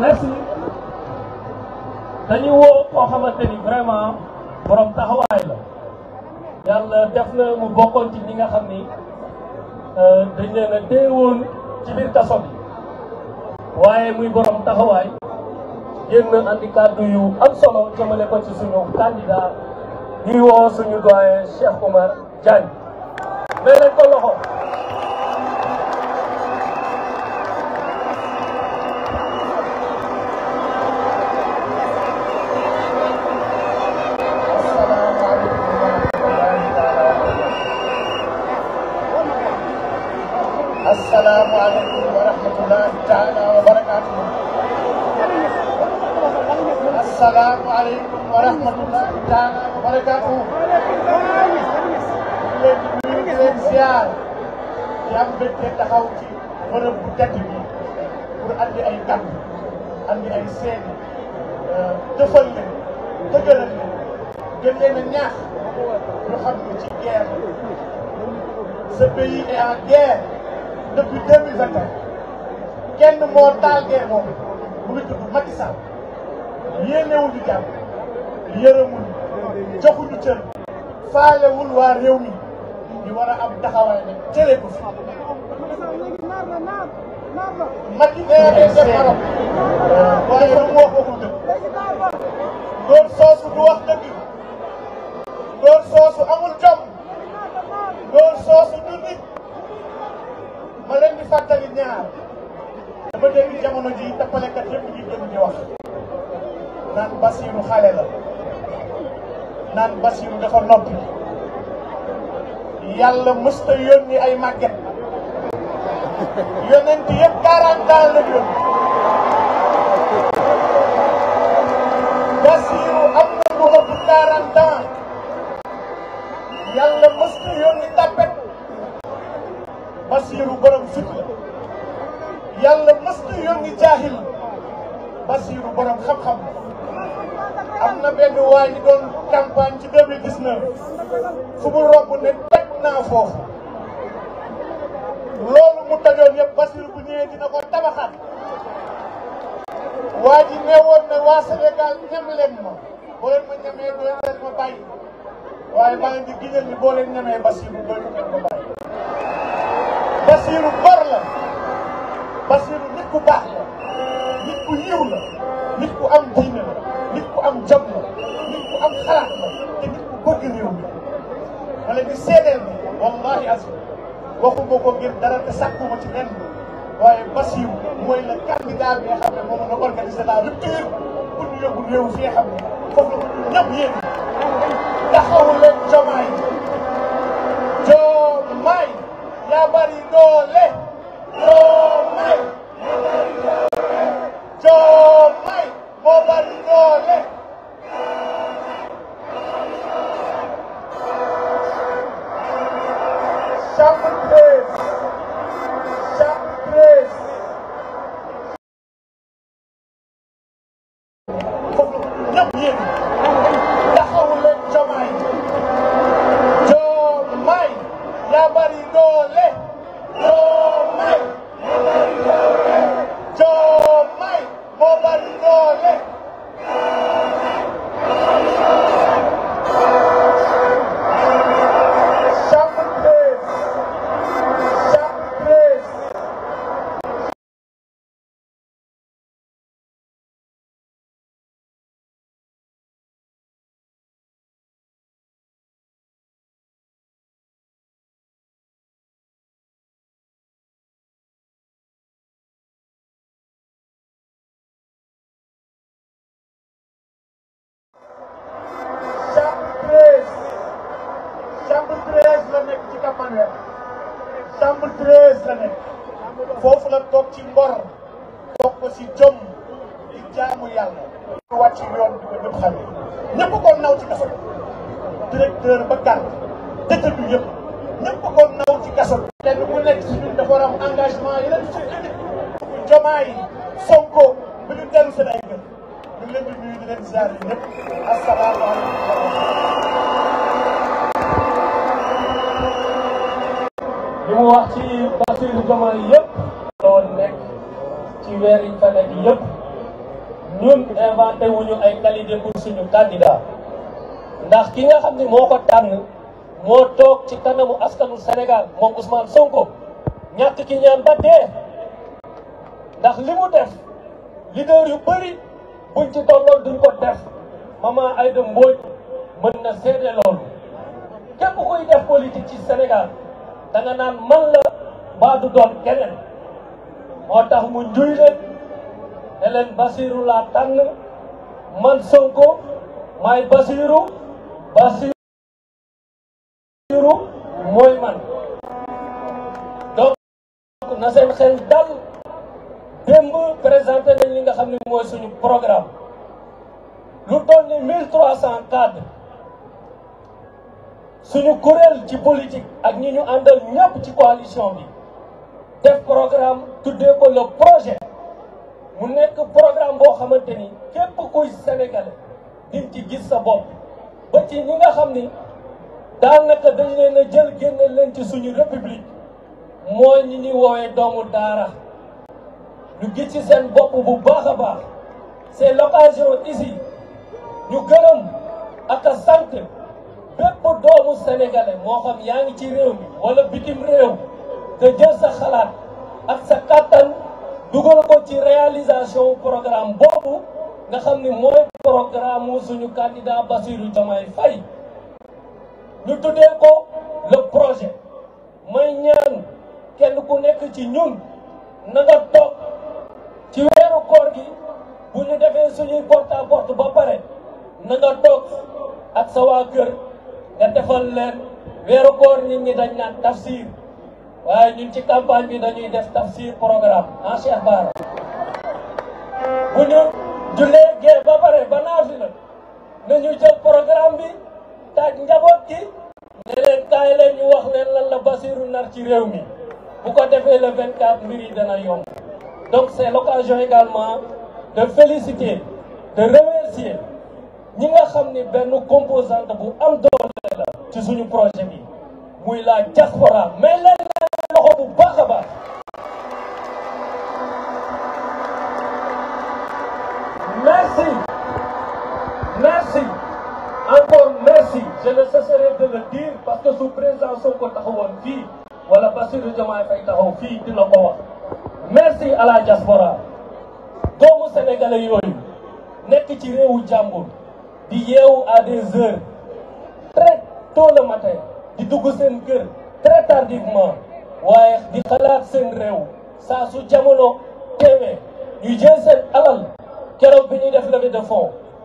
merci dañuy woo koo xamante ni vraiment boroom taxawaay la yàlla def na mu bokkoon ci ñi nga xam ni euh, dañ leen a déewoon ci biir kaso bi waaye muy borom taxawaay génn andi kàddu yu am solo jëmale ko ci suñu candidat ñuy woo suñu doyen Cheikh Oumar Diagne mais ko loxo الله تعالى وبركاته السلام عليكم ورحمة الله تعالى وبركاته ñu ngi leen ziar di am mbégte taxaw ci bërëb bu tedd bi pour andi ay gan andi ay seeni dëfal leen dëgëral leen gën leen a ñaax ñu xam ne ci guerre ce pays est en guerre depuis 2021 kenn moo taal guerre boobu mu ngi tudd Macky Sall yéenewuñu jàmm yërëmuñ joxuñu cër faalewul waa réew mi ñu war a am taxawaay nag jëlee ko fi Macky nee waaye lu mu wax waxul dëgg soosu du wax dëgg góor soosu amul jom góor soosu du nit ma leen di fàttali ñaar ba léegi jamono ji tappalekat yëpp ñu jóg di wax naan Bassirou xale la naan Bassirou dafa noppi yàlla mësta yónni ay màgget yonent yëpp 40 ans la yónni ñu yónni jaahil Basiru borom xam-xam am na benn waa doon campagne ci 2019 fu mu romb ne teg naa foofu loolu mu tajoon yëpp Basiru bu ñëwee dina ko tabaxaat waaye maa ngi di giñal ni boo leen ñamee Basiru doo leen ku yiw la nit ku am diine la nit ku am jom la nit ku am xalaat la te nit ku bëgg réew mi ma leen di seedeel ni wallahi azim waxuma ko ngir dara te sàkkuma ci lenn waaye Bassirou mooy le candidat bi nga xam ne moom la organiser la rupture pour ñu yóbbu réew fi nga xam ne foofu la ko ñu ñëpp yéen taxawu leen jomaay jomaay yaa bari doole jomaay yéen man la chambre treize la nekk foofu la toog ci ngor toog ko si jom di jaamu yàlla ñu wàcc yoon bi ko ñëpp xamee ñëpp ko naw kaso directeur ba garde dëkkatu yëpp ñëpp ko naw kaso kenn ku nekk si ñun dafa jomaay Sonko bi ñu dellu Sénégal ñu leen di di leen ziar yi ñëpp asalaamaaleykum li mu wax ci Bassirou Diomaye yëpp loolu nekk ci weer fa nekk yëpp ñun inventé ay qualité pour suñu candidat ndax ki nga xam ne moo ko tànn moo toog ci kanamu askanu Sénégal moom Ousmane Sonko ñàkk ki ñaan ba dee ndax li mu def leader yu bari buñ ci tolloon duñ ko def Mama Aïda Mbodj mën na seede loolu képp def politique ci Sénégal da nga naan man la mbaa doon keneen moo tax mu njuy leen ne leen Basiru laa tànn man Sonko maay Basiru Basiru mooy man donc na seen xel dal démb présenté nañ li nga xam ne mooy suñu programme lu toll ni trois cent cadres suñu kuréel ci politique ak ñi ñu àndal ñëpp ci coalition bi def programme tuddee ko le projet mu nekk programme boo xamante ni képp kuy sénégalais di ci gis sa bopp ba ci ñi nga xam ni daanaka dañ leen a jël génne leen ci suñu république mooy ñi ñuy woowee doomu daara ñu gis ci seen bopp bu baax a baax c'est l'occasion ici ñu gërëm ak a sant bépp doomu sénégalais moo xam yaa ngi ci réew mi wala bitim réew te jël sa xalaat ak sa kàttan dugal ko ci réalisation programme boobu nga xam ni mooy programme suñu candidat Bassirou Diomaye Faye ñu tuddee ko la projet may ñaan kenn ku nekk ci ñun na nga ci weeru koor gi bu ñu defee suñuy porte a porte ba pare na nga ak sa waa kër nga defal leen weeru koor nit ñi dañ naan tafsir waaye ñun ci campagne bi dañuy def tafsir programme en ah, Cheikh bu ñu jullee gee ba pare ba naafi la nañu jël programme bi taaj njaboot gi ne leen ñu wax leen lan la Basiru nar ci réew mi bu ko defee le vingt mbir yi dana yomb donc c'est l'occasion également de féliciter de remercier ñi nga xam ni benn composante bu am doole ci suñu projet bi muy la diaspora mais leen loxo bu baax merci merci encore merci je ne cesserai de le parce que su président Sonko taxawoon fii wala Bassirou Diomaye Faye taxaw fii dina ko wax merci à la diaspora doomu sénégalais yooyu nekk ci réewu jàmbur di yeewu à des tôt le matin di dugg seen kër très tardivement waaye di xalaat seen réew saa su jamono teewee ñu jël seen alal keroog bi ñuy def levée de